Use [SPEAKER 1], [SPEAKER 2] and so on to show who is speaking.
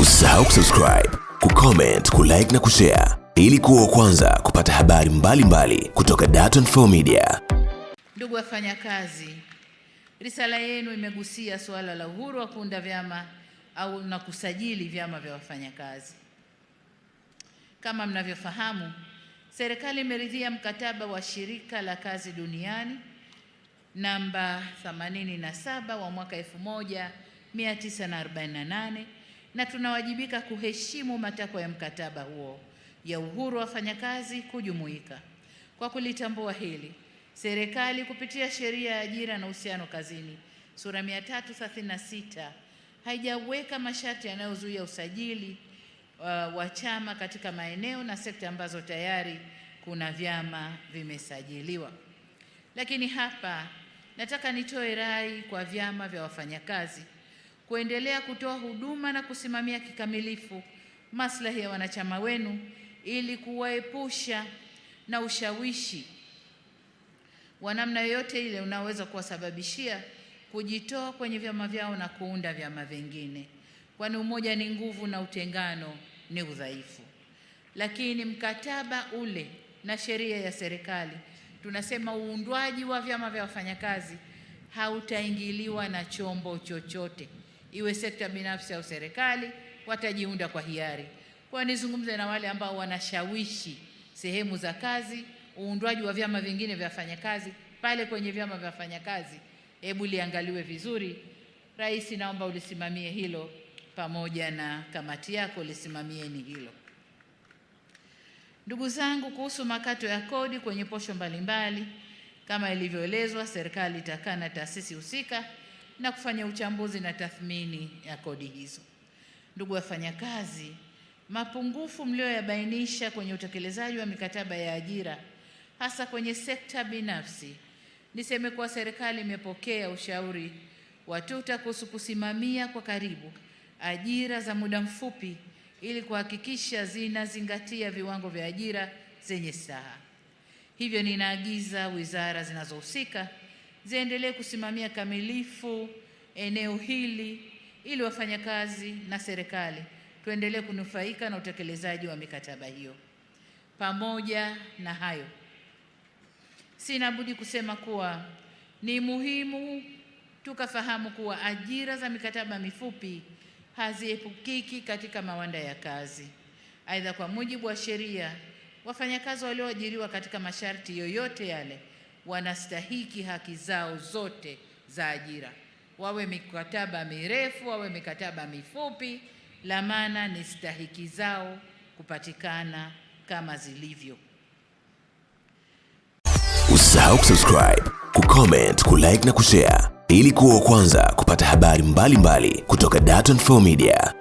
[SPEAKER 1] Usisahau kusubscribe, kucomment, kulike na kushare ili kuwa kwanza kupata habari mbalimbali mbali kutoka Dar24 Media.
[SPEAKER 2] Ndugu wafanyakazi, risala yenu imegusia suala la uhuru wa kuunda vyama au na kusajili vyama vya wafanyakazi. Kama mnavyofahamu, serikali imeridhia mkataba wa shirika la kazi duniani namba 87 wa mwaka 1948 na tunawajibika kuheshimu matakwa ya mkataba huo ya uhuru wa wafanyakazi kujumuika. Kwa kulitambua hili, serikali kupitia sheria ya ajira na uhusiano kazini sura 336 haijaweka masharti yanayozuia usajili uh, wa chama katika maeneo na sekta ambazo tayari kuna vyama vimesajiliwa. Lakini hapa nataka nitoe rai kwa vyama vya wafanyakazi kuendelea kutoa huduma na kusimamia kikamilifu maslahi ya wanachama wenu ili kuwaepusha na ushawishi wa namna yoyote ile unaoweza kuwasababishia kujitoa kwenye vyama vyao na kuunda vyama vingine, kwani umoja ni nguvu na utengano ni udhaifu. Lakini mkataba ule na sheria ya serikali tunasema uundwaji wa vyama vya wafanyakazi hautaingiliwa na chombo chochote iwe sekta binafsi au serikali, watajiunda kwa hiari. Kwa nizungumze na wale ambao wanashawishi sehemu za kazi, uundwaji wa vyama vingine vya wafanyakazi pale kwenye vyama vya wafanyakazi, hebu liangaliwe vizuri. Rais, naomba ulisimamie hilo pamoja na kamati yako, lisimamieni hilo. Ndugu zangu, kuhusu makato ya kodi kwenye posho mbalimbali, kama ilivyoelezwa, serikali itakaa na taasisi husika na kufanya uchambuzi na tathmini ya kodi hizo. Ndugu wafanyakazi, mapungufu mlioyabainisha kwenye utekelezaji wa mikataba ya ajira hasa kwenye sekta binafsi, niseme kuwa serikali imepokea ushauri wa TUTA kuhusu kusimamia kwa karibu ajira za muda mfupi ili kuhakikisha zinazingatia viwango vya ajira zenye staha. Hivyo ninaagiza wizara zinazohusika ziendelee kusimamia kamilifu eneo hili ili wafanyakazi na serikali tuendelee kunufaika na utekelezaji wa mikataba hiyo. Pamoja na hayo, sina budi kusema kuwa ni muhimu tukafahamu kuwa ajira za mikataba mifupi haziepukiki katika mawanda ya kazi. Aidha, kwa mujibu wa sheria, wafanyakazi walioajiriwa katika masharti yoyote yale wanastahiki haki zao zote za ajira, wawe mikataba mirefu, wawe mikataba mifupi, la maana ni stahiki zao kupatikana kama zilivyo.
[SPEAKER 1] Usisahau kusubscribe, kucomment, kulike na kushare ili kuwa wa kwanza kupata habari mbalimbali mbali kutoka Dar24 Media.